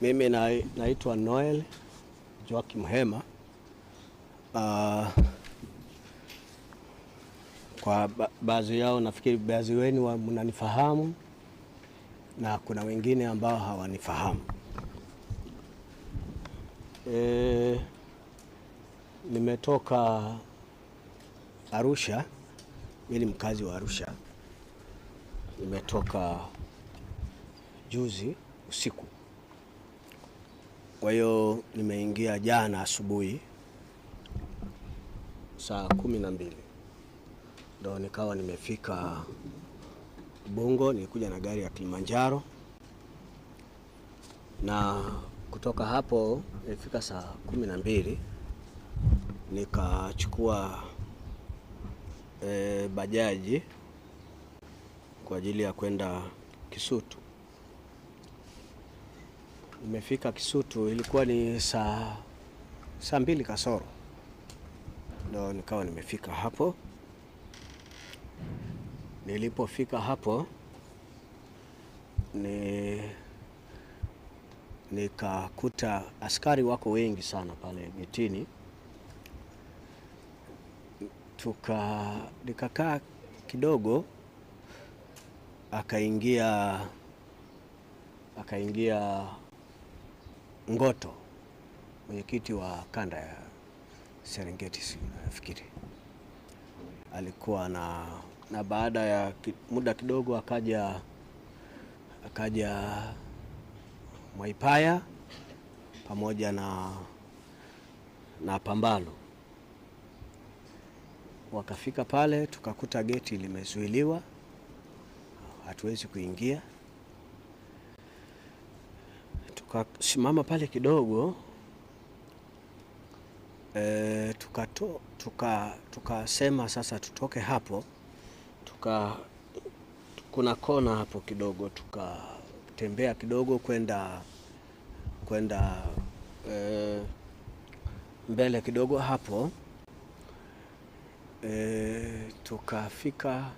Mimi naitwa Noel Joakim Hema. Uh, kwa baadhi yao nafikiri baadhi wenu mnanifahamu na kuna wengine ambao hawanifahamu. E, nimetoka Arusha. Mimi ni mkazi wa Arusha, nimetoka juzi usiku kwa hiyo nimeingia jana asubuhi saa kumi na mbili ndo nikawa nimefika Ubungo. Nilikuja na gari ya Kilimanjaro na kutoka hapo nilifika saa kumi na mbili nikachukua e, bajaji kwa ajili ya kwenda Kisutu. Nimefika Kisutu ilikuwa ni saa saa mbili kasoro, ndo nikawa nimefika hapo. Nilipofika hapo ni nikakuta askari wako wengi sana pale getini, tuka nikakaa kidogo, akaingia akaingia Ngoto, mwenyekiti wa kanda ya Serengeti, nafikiri alikuwa na, na baada ya muda kidogo akaja akaja Mwaipaya pamoja na, na Pambalo wakafika pale, tukakuta geti limezuiliwa, hatuwezi kuingia tukasimama pale kidogo e, eh, tukato, tuka tukasema sasa tutoke hapo tuka, kuna kona hapo kidogo tukatembea kidogo kwenda kwenda e, mbele kidogo hapo e, tukafika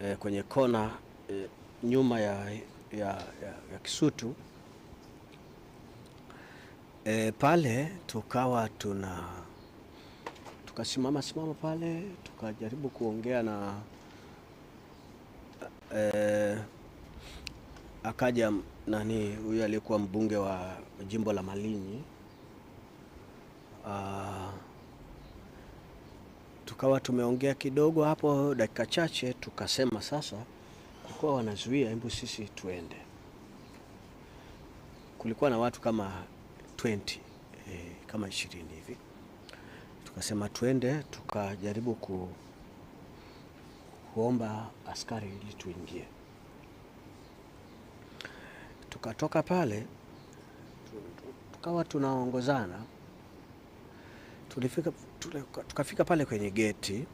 e, kwenye kona e, nyuma ya, ya, ya, ya Kisutu E, pale tukawa tuna tukasimama simama pale tukajaribu kuongea na e, akaja nani huyu aliyekuwa mbunge wa jimbo la Malinyi. Uh, tukawa tumeongea kidogo hapo dakika chache, tukasema sasa, kwa kuwa wanazuia, hebu sisi tuende. Kulikuwa na watu kama 20 eh, kama ishirini hivi, tukasema twende tukajaribu ku, kuomba askari ili tuingie. Tukatoka pale tukawa tunaongozana tulifika, tukafika pale kwenye geti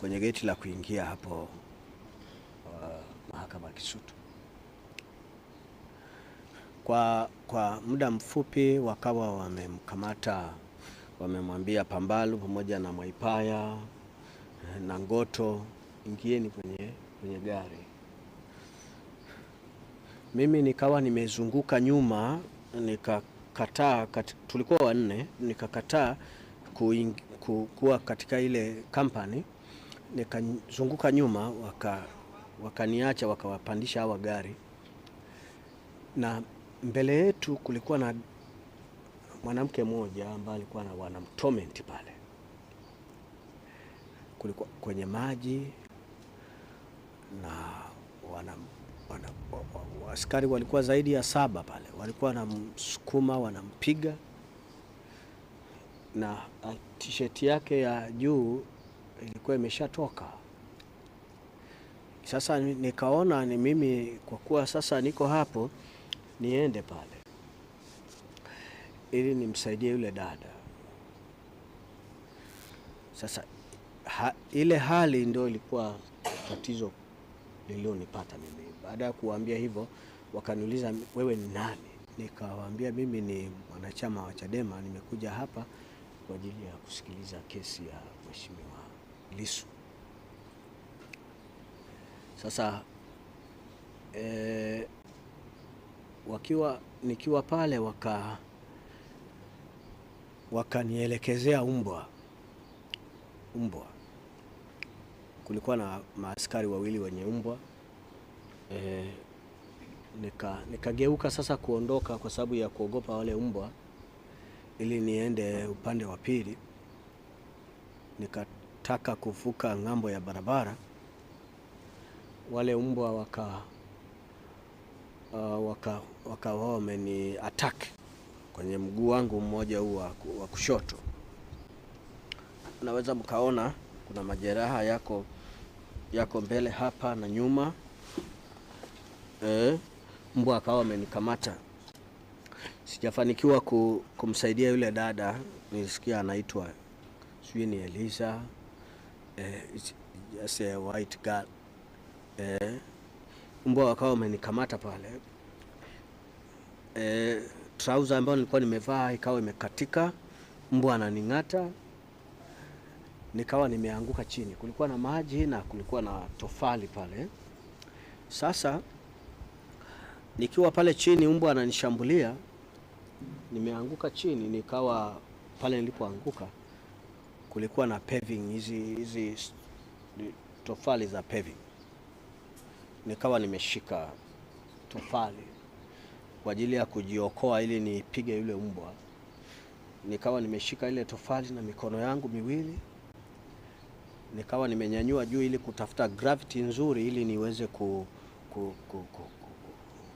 kwenye geti la kuingia hapo uh, mahakama Kisutu kwa, kwa muda mfupi wakawa wamemkamata, wamemwambia Pambalu pamoja na Mwaipaya eh, na Ngoto, ingieni kwenye, kwenye gari. Mimi nikawa nimezunguka nyuma, nikakataa. Tulikuwa wanne, nikakataa kuwa katika ile kampani, nikazunguka nyuma, wakaniacha waka wakawapandisha hawa gari na mbele yetu kulikuwa na mwanamke mmoja ambaye alikuwa na wanamtomenti pale, kulikuwa kwenye maji na wana, wana, askari walikuwa zaidi ya saba pale, walikuwa wanamsukuma wanampiga, na ah, tisheti yake ya juu ilikuwa imeshatoka. Sasa nikaona ni mimi kwa kuwa sasa niko hapo niende pale ili nimsaidie yule dada. Sasa ha, ile hali ndio ilikuwa tatizo lililonipata mimi. Baada ya kuwaambia hivyo, wakaniuliza wewe ni nani? Nikawaambia mimi ni mwanachama wa Chadema, nimekuja hapa kwa ajili ya kusikiliza kesi ya mheshimiwa Lissu. Sasa eh, wakiwa nikiwa pale waka wakanielekezea mbwa mbwa. Kulikuwa na maaskari wawili wenye mbwa e, nika nikageuka sasa kuondoka kwa sababu ya kuogopa wale mbwa, ili niende upande wa pili. Nikataka kuvuka ng'ambo ya barabara, wale mbwa waka Uh, wakawa waka wameni attack kwenye mguu wangu mmoja huu wa kushoto. naweza mkaona kuna majeraha yako yako mbele hapa na nyuma e, mbwa akawa amenikamata. Sijafanikiwa kumsaidia yule dada, nilisikia anaitwa sijui ni Eliza eh, just a white girl eh, mbwa wakawa wamenikamata pale e, trouser ambayo nilikuwa nimevaa ikawa imekatika, mbwa ananing'ata, nikawa nimeanguka chini. Kulikuwa na maji na kulikuwa na tofali pale. Sasa nikiwa pale chini, mbwa ananishambulia, nimeanguka chini, nikawa pale nilipoanguka kulikuwa na paving, hizi hizi tofali za paving nikawa nimeshika tofali kwa ajili ya kujiokoa ili niipige yule mbwa. Nikawa nimeshika ile tofali na mikono yangu miwili, nikawa nimenyanyua juu ili kutafuta gravity nzuri ili niweze ku, ku, ku, ku, ku,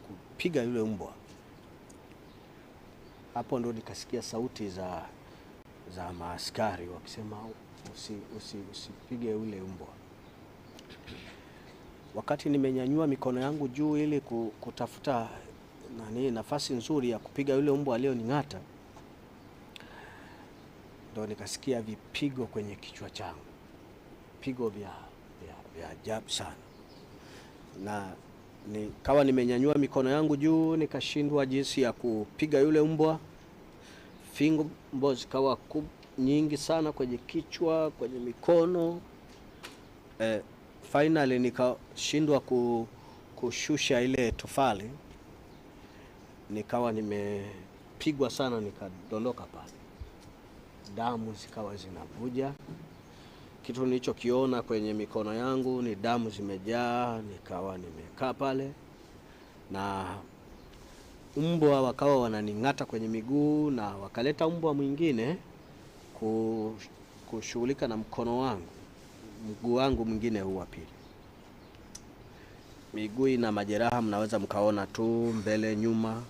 kupiga yule mbwa. Hapo ndo nikasikia sauti za, za maaskari wakisema usipige usi, usi, ule mbwa. Wakati nimenyanyua mikono yangu juu ili kutafuta nani, nafasi nzuri ya kupiga yule mbwa aliyoning'ata, ndo nikasikia vipigo kwenye kichwa changu, vipigo vya vya ajabu sana, na nikawa nimenyanyua mikono yangu juu, nikashindwa jinsi ya kupiga yule mbwa. Fimbo zikawa nyingi sana kwenye kichwa, kwenye mikono eh finally nikashindwa kushusha ile tofali, nikawa nimepigwa sana, nikadondoka pale, damu zikawa zinavuja. Kitu nilichokiona kwenye mikono yangu ni damu zimejaa, nikawa nimekaa pale na mbwa wakawa wananing'ata kwenye miguu na wakaleta mbwa mwingine kushughulika na mkono wangu mguu wangu mwingine huu wa pili. Miguu ina majeraha, mnaweza mkaona tu mbele nyuma.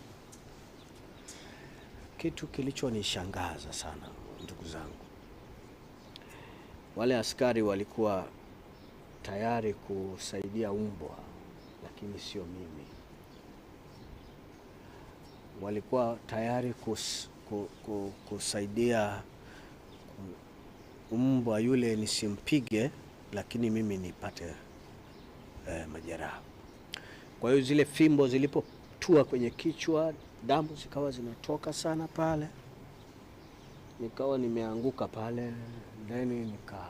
Kitu kilichonishangaza sana, ndugu zangu, wale askari walikuwa tayari kusaidia umbwa, lakini sio mimi. Walikuwa tayari kus, ku, ku, kusaidia mbwa yule nisimpige, lakini mimi nipate eh, majeraha. Kwa hiyo zile fimbo zilipotua kwenye kichwa, damu zikawa zinatoka sana pale, nikawa nimeanguka pale, then nika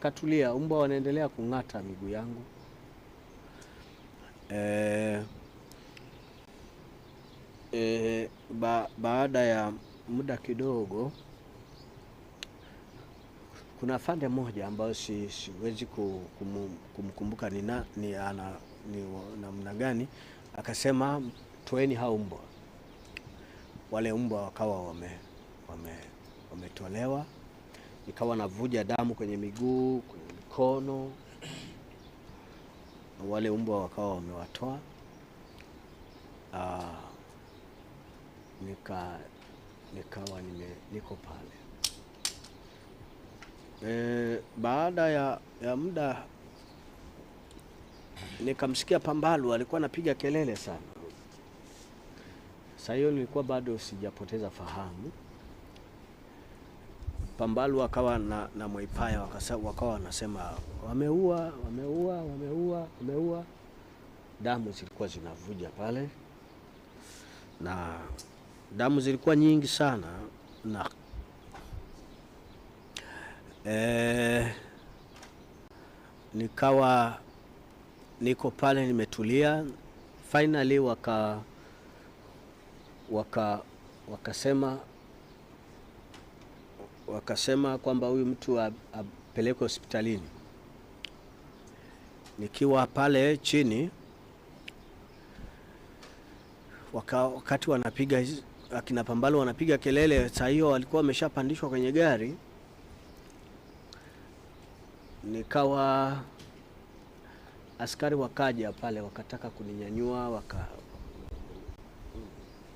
katulia, mbwa wanaendelea kung'ata miguu yangu eh, eh, ba, baada ya muda kidogo kuna afande moja ambayo si, siwezi kumkumbuka ni, na, ni ana ni namna gani, akasema toeni hao mbwa. Wale mbwa wakawa wame, wame, wametolewa, ikawa navuja damu kwenye miguu, kwenye mikono. Wale mbwa wakawa wamewatoa. Ah, nika, nikawa nime, niko pale e, baada ya, ya muda nikamsikia Pambalu alikuwa anapiga kelele sana. Sasa hiyo nilikuwa bado sijapoteza fahamu. Pambalu akawa na, na Mwaipaya wakawa wanasema wameua, wameua, wameua, wameua. Damu zilikuwa zinavuja pale na damu zilikuwa nyingi sana na e, nikawa niko pale nimetulia. Finally waka waka wakasema wakasema kwamba huyu mtu apelekwe hospitalini. Nikiwa pale chini waka, wakati wanapiga akina Pambalo wanapiga kelele, saa hiyo walikuwa wameshapandishwa kwenye gari nikawa askari wakaja pale wakataka kuninyanyua waka,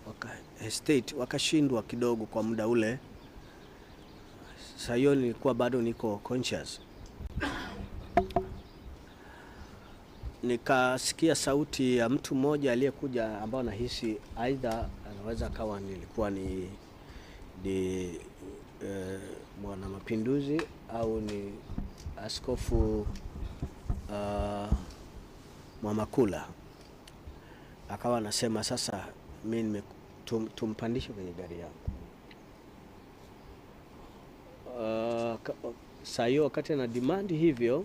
waka estate wakashindwa kidogo kwa muda ule. Sasa hiyo nilikuwa bado niko conscious, nikasikia sauti ya mtu mmoja aliyekuja ambao nahisi aidha anaweza akawa nilikuwa ni, ni uh, mwana mapinduzi au ni askofu uh, Mwamakula akawa anasema sasa mi tum, tumpandishe kwenye gari yangu. Uh, saa hiyo wakati ana demand hivyo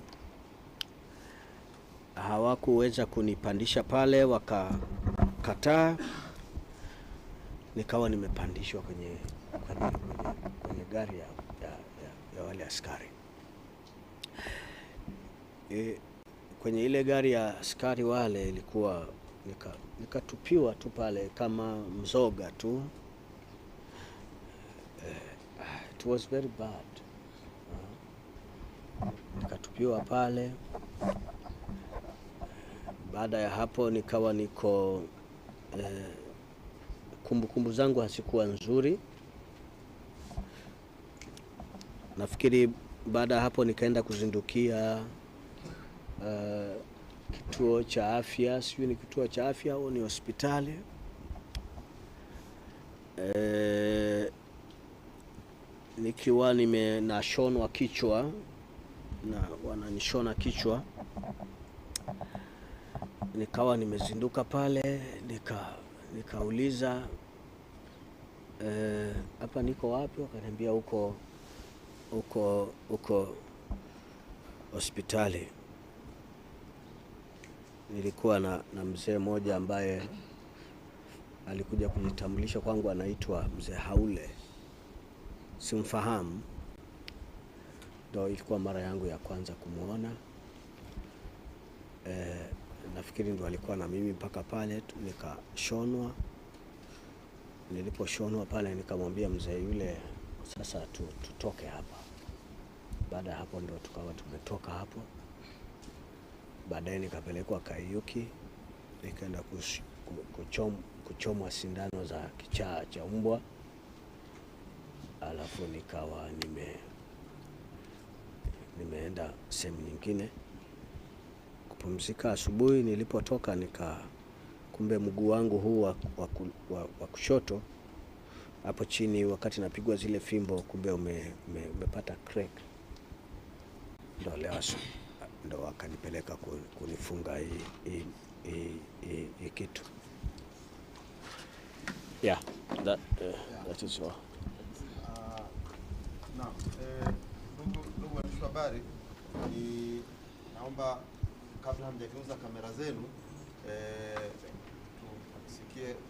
hawakuweza kunipandisha pale, wakakataa, nikawa nimepandishwa kwenye, kwenye, kwenye, kwenye gari yangu ya wale askari e, kwenye ile gari ya askari wale ilikuwa nikatupiwa nika tu pale kama mzoga tu. e, it was very bad nikatupiwa pale. Baada ya hapo nikawa niko e, kumbukumbu zangu hazikuwa nzuri Nafikiri baada ya hapo nikaenda kuzindukia uh, kituo cha afya, sijui ni kituo cha afya au ni hospitali e, nikiwa nimenashonwa kichwa na wananishona kichwa, nikawa nimezinduka pale, nika nikauliza uh, hapa e, niko wapi? Wakaniambia huko uko uko hospitali nilikuwa na, na mzee mmoja ambaye alikuja kujitambulisha kwangu, anaitwa mzee Haule, simfahamu. Ndo ilikuwa mara yangu ya kwanza kumwona e, eh, nafikiri ndo alikuwa na mimi mpaka pale nikashonwa. Niliposhonwa pale, nikamwambia mzee yule sasa tu, tutoke hapa. Baada ya hapo ndo tukawa tumetoka hapo. Baadaye nikapelekwa Kaiuki nikaenda kuchom, kuchomwa sindano za kichaa cha mbwa, alafu nikawa nime nimeenda sehemu nyingine kupumzika. Asubuhi nilipotoka nika kumbe mguu wangu huu wa, wa, wa, wa kushoto hapo chini wakati napigwa zile fimbo, kumbe ume, ume, umepata crack. Ndo leo ndo wakanipeleka kunifunga hii kitu yeah, that, uh, yeah. That is all. Uh, eh, ndugu habari, ni naomba kabla hamjageuza kamera zenu eh, tusikie